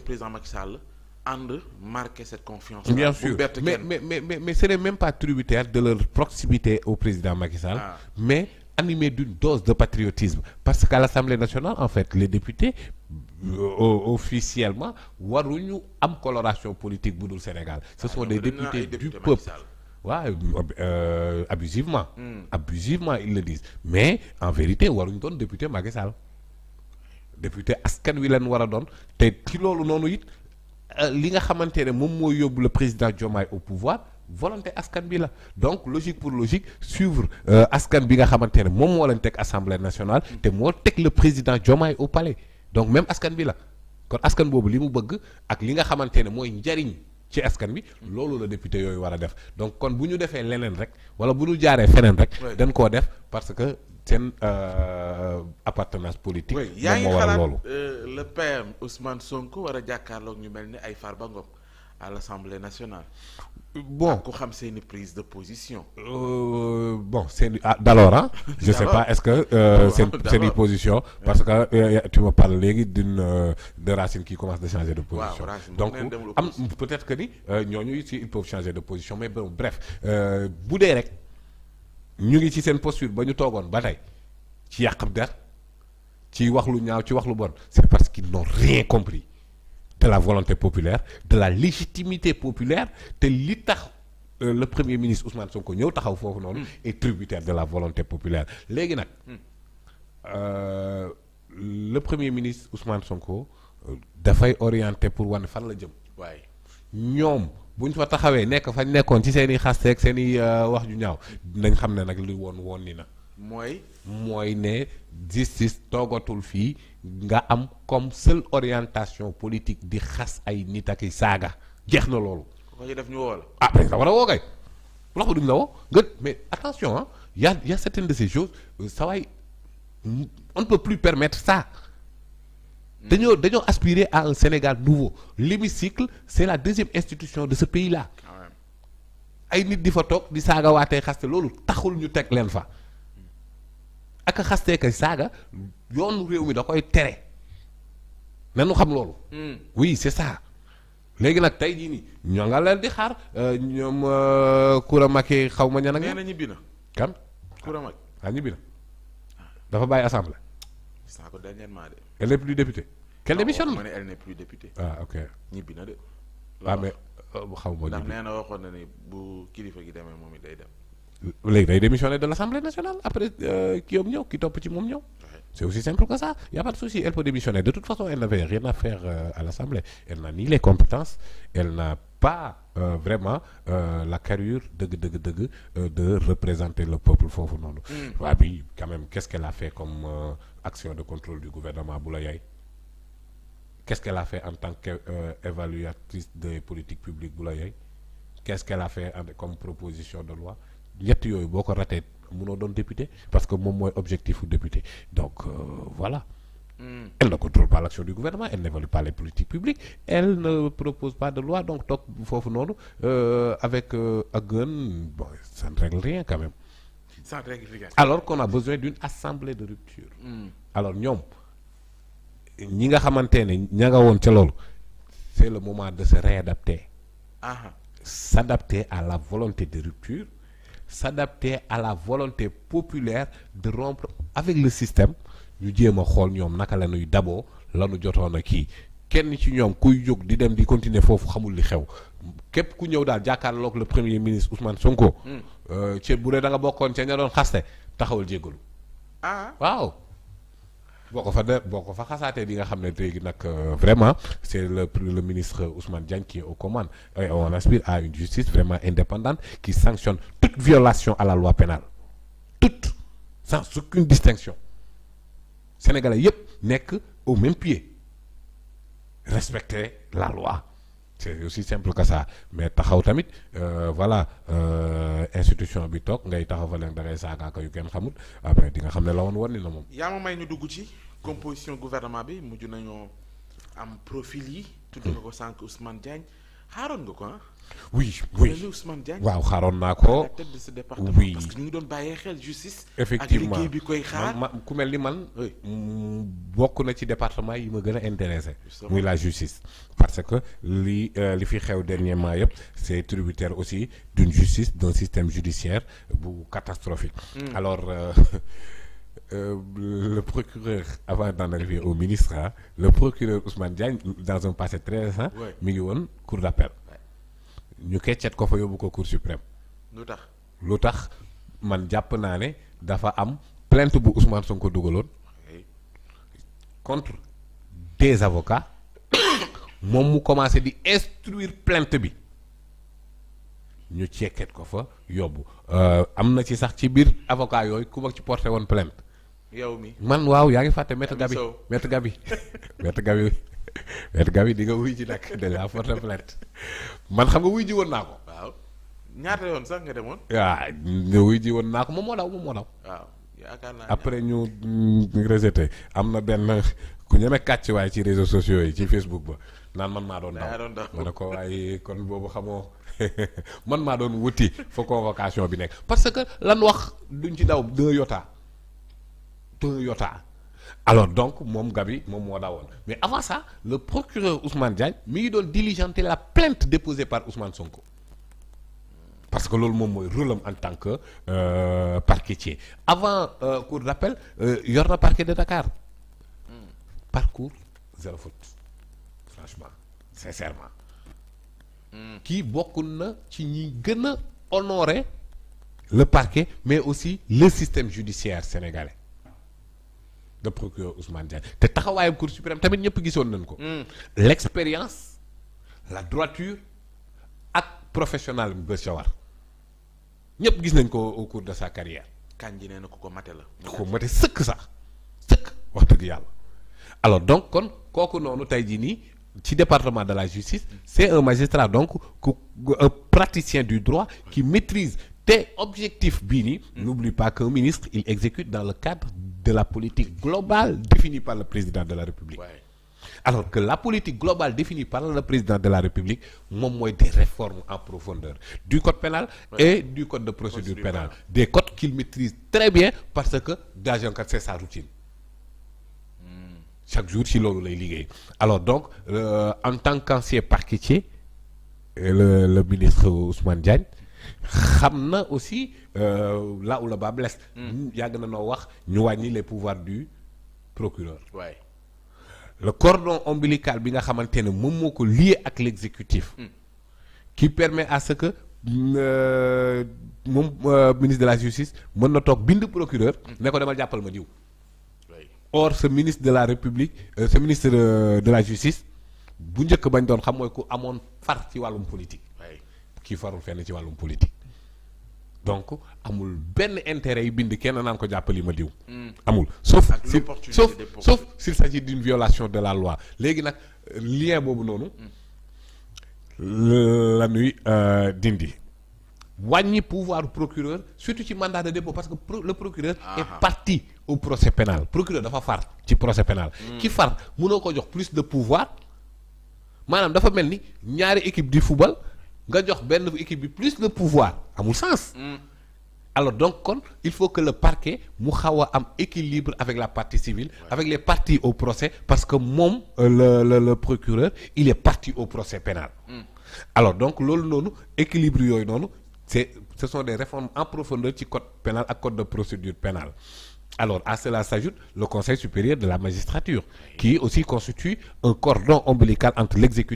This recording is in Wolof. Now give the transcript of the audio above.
président Macky Sall ànd marqué confiance. bien sûr mais mais mais mais ce n'est même pas tributaire de leur proximité au président Macky Sall. Ah. mais animé d'une dose de patriotisme parce qu'à l'Assemblée nationale en fait les députés euh, officiellement waruñu am coloration politique bu dul Sénégal. ce ah, sont des députés du peuple. waaw ouais, euh, hmm. abusivement. ils le disent mais en vérité waruñu doon député Macky Sall. député askan wi leen war a doon te ci loolu noonu it euh, li nga xamante ne moom mooy yóbbu le président Diomaye au pouvoir volonté askan bi la donc logique pour logique suivre euh, askan bi nga xamante ne moom moo leen teg assemblée nationale te moo teg le président Diomaye au palais donc même askan bi la kon askan boobu li mu bëgg ak li nga xamante ne mooy njariñ ci askan bi loolu la député yooyu war a def donc kon bu ñu defee leneen rek wala bu ñu jaaree feneen rek dañ koo def parce que seen euh, appartenance politique yaa ngi loolu euh, le PM Ousmane sonk war a jàkkaarloog ñu mel ni ay ba Ngom à l'Assemblée nationale. bon ku xam seen prise de position. Euh, bon seen ah d'alors ah. je sais pas est-ce que euh, seen seen position. parce que euh, tu me parles léegi d'une euh, de Racine qui commence de changer de position. Wow, donc am peut-être que ni euh, ñooñu aussi ils peuvent changer de position mais bon bref euh, bu dee rek ñu ngi ci seen posture ba ñu toogoon ba tey ci yàqam der ci wax lu ñaaw ci wax lu bon c'est parce qu'ils n'ont rien compris. de la volonté populaire de la légitimité populaire te li tax euh, le premier ministre Ousmane Sonko ñëw taxaw foofu noonu. Hmm. est tributaire de la volonté populaire léegi nag. Hmm. Euh, le premier ministre Ousmane Sonko euh, dafay orienté pour wane fan la jëm. waaye ñoom buñ ñu fa taxawee nekk fañ nekkoon ci seen i xasteeg seen i wax ju ñaaw dinañ xam ne nag li woon woon ni na. mooy. mooy ne justice toogatul fii nga am comme seule orientation politique di xas ay nit ak saaga jeex na loolu. ko def ñu woo la. Ah, war a woo kay loxo ko duñ la woo nga mais attention ah y a y de ces choses euh, saa on ne plus permettre ça. Hmm. dañoo dañoo aspirer à un Sénégal nouveau l'hémicycle c'est la deuxième institution de ce pays là. ay nit di fa toog di saaga saagawaatee xaste loolu taxul ñu teg leen fa. ak a xastee ka saaga yoonu réew mi da koy tere nu xam loolu. Hmm. oui c'est ça. léegi nag tey jii nii ñoo nga leen di xaar euh, ñoom Koura euh, Macky xaw ma ña ak. ñibbi na. kan Koura Macky. ah ñibbi na dafa bàyyi assemblée. gis naa ko dernièrement plus députée. quelle démission la ne plus députée. ah ok ñibbi na de. waaw ah, mais euh, xaw moo ñibbi ndax na waxoon na ni bu kilifa gi demee moom it day dem. léegi day démissionner de l'Assemblée nationale après euh, ki om ñëw ki topp ci moom ñëw c'est aussi simple que ça y a pas de souci elle peut démissionner de toute façon elle n'avait rien à euh, à l'Assemblée elle n'a ni les compétences elle n'a pas euh, vraiment la carrure dëgg dëgg dëgg de représenter le peuple foofu noonu mm. waa bi quand même qu'est-ce qu'elle a fait comme euh, action de contrôle du gouvernement Boulaye qu'est-ce qu'elle a fait en tant qu'évaluatrice des politiques publiques Boulaye qu'est-ce qu'elle comme proposition de loi ñett yooyu boo ko ratee mënoo doon député parce que moom mooy objectif u député donc euh, voilà. Mm. elle ne contrôle pas l'action du gouvernement elle n'évalue pas les politiques publiques elle ne propose pas de loi donc toog foofu noonu euh, avec euh, a gën bon ça ne rien quand même. alors qu'on a besoin d'une assemblée de rupture. Hmm. alors ñoom ñi nga xamante ne ña nga woon ca loolu c'est le moment de se réadapter. Ah. ah. s'adapter à la volonté de rupture. s'adapter à la volonté populaire de rompre avec le système ñu jéem a xool ñoom naka la ñuy daboo la ñu jotoon a kii kenn ci ñoom kuy jóg di dem di continuer foofu xamul li xew képp ku ñëw daal jàkkaarloog la premier ministre Ousmane Sonko. Hmm. Euh, ci bu dee da nga bokkoon ca ña doon xaste taxawal jéggalu. Ah. waaw. boo ko fa de boo ko fa xasaatee di nga xam ne léegi nag euh, vraiment c' est le le ministre Ousmane Diagne qui est aux commandes et on à une justice vraiment indépendante qui sanctionne toute violation à la loi pénale toute sans distinction sénégalais yëpp nekk au même pied respecter la loi c'est aussi simple que ça mais taxaw tamit euh, voilà euh, institution bi toog ngay taxaw leen da ngay saagaaka yu kenn xamul après di nga xam ne la woon woon ni la moom yaa ma may ñu dugg ci composition gouvernement bi mujj nañoo am profil yi tudd nga ko sànq Ousmane Diagne xaaroon nga ko ah. oui waaw xaaroon naa ko. oui parce que ñu ngi doon bàyyee xel justice. effectivement ak koy xaar man ku mel ni man. Mm, bokk na ci département yi ma gën a intéressé. muy la justice. parce que li euh, li fi xew dernièrement yëpp c' est tributaire aussi d' une justice d' un système judiciaire bu catastrophique. Hmm. alors. Euh, Euh, le procureur avant d'en arriver au ministrat le procureur Ousmane Diagne dans un passé très récent mi ngi woon cour d'appel ñu keccet ko fa yóbbu ko cour suprême lu tax lu tax man jàpp naa ne dafa am plainte bu Ousmane Sonko dugaloon contre des avocats moom mu commencé di instruire plainte bi ñu cekket ko fa yóbbu euh, am na ci sax ci biir avocat yooyu ku ma ci porté woon plainte yow mi man waaw yaa ngi fàtte maître Gabi maître Gabi maître Gabi maître Gabi di nga wuy ji nag de la porté plainte man xam nga wuy ji woon naa ko. waaw ñaata yoon sax nga demoon. waaw ah, wuy ji woon naa ko moom moo daw moom moo daw. waaw yaakaar naa après ñu rejeté am na benn ku ñeme kàcc waaye ci réseaux sociaux yi ci Facebook ba naan man maa doon daw. maa ma ne ko waaye kon boobu xamoo. man maa doon wuti fa convocation bi nekk parce que lan wax duñ ci daw deux yota deux yota alors donc moom Gabi moom moo dawoon mais avant ça le procureur Ousmane Diagne mi ngi doon diligenter la plainte déposée par Ousmane Sonko parce que loolu moom mooy rôle am en tant que euh, parquetier avant euh, cour d'appel euh, yor euh, na parquet de Dakar hmm. parcours zéro faute franchement sincèrement kii bokkul na ci ñi gën a honorer le parquet mais aussi le système judiciaire sénégalais de procureur Ousmane te taxawaayam cour suprême tamit ñëpp gisoon nañ ko. Mm. l'expérience la droiture ak professionnel bi ba sawar ñëpp gis nañ ko au de sa carrière. Kandji nee na ku ko mate la. ku ko mate sëkk sax sëkk wax dëgg yàlla alors donc kon kooku noonu tey jii nii. ci département de la justice c'est un magistrat donc ku un praticien du droit qui maîtrise te objectif bii nii mm. n'oublie pas qu'un ministre il exécute dans le cadre de la politique globale définie par le président de la République ouais. alors que la politique globale définie par le président de la République moom mooy des réformes en profondeur du code pénal et du code de procédure pénale des codes qu'il maîtrise très bien parce que d'agent kat c'est sa routine chaque jour ci loolu lay liggéey alors donc euh, en tant qu'ancien parquetier le le ministre Ousmane Diagne xam na aussi euh, là où hmm. yàgg na noo wax ñu wàññi les pouvoirs du procureur. Ouais. le cordon ombilical bi nga xamante ne moom moo ko lié ak l'exécutif. Mm. qui permet à ce que euh, moom euh, ministre de la justice mën na toog bind procureur. Hmm. ne ko demal jàppal ma jiw. or ce ministre de la république euh, ce ministre euh, de la justice bu njëkk bañ doon xam mooy ku amoon far ci wàllum politique kii farul fenn ci wàllum politique donc amul benn intérêt yi bind kenn naan ko jàppali ma diw hmm. amul sauf sauf sauf s'il s'agit d'une violation de la loi léegi nag euh, lien boobu noonu hmm. la ñuy dindi wàññi pouvoir procureur surtout ci mandat de dépôt parce que le procureur ah est ah. parti au procès pénal procureur dafa far ci procès pénal hmm. ki far mënoo ko jox plus de pouvoir maanaam dafa mel ni ñaari équipe di football nga jox benn équipe bi plus de pouvoir amul sens hmm. alors donc kon il faut que le parquet mu xaw a am équilibre avec la partie civile ouais. avec au procès parce que moom euh, le, le le procureur il parti au procès pénal hmm. alors donc loolu noonu équilibre yooyu noonu c'est ce sont des réformes en profondeur ci code pénal ak code de procédure pénale alors à cela s'ajoute le conseil supérieur de la magistrature qui aussi constitue un cordon ombilical entre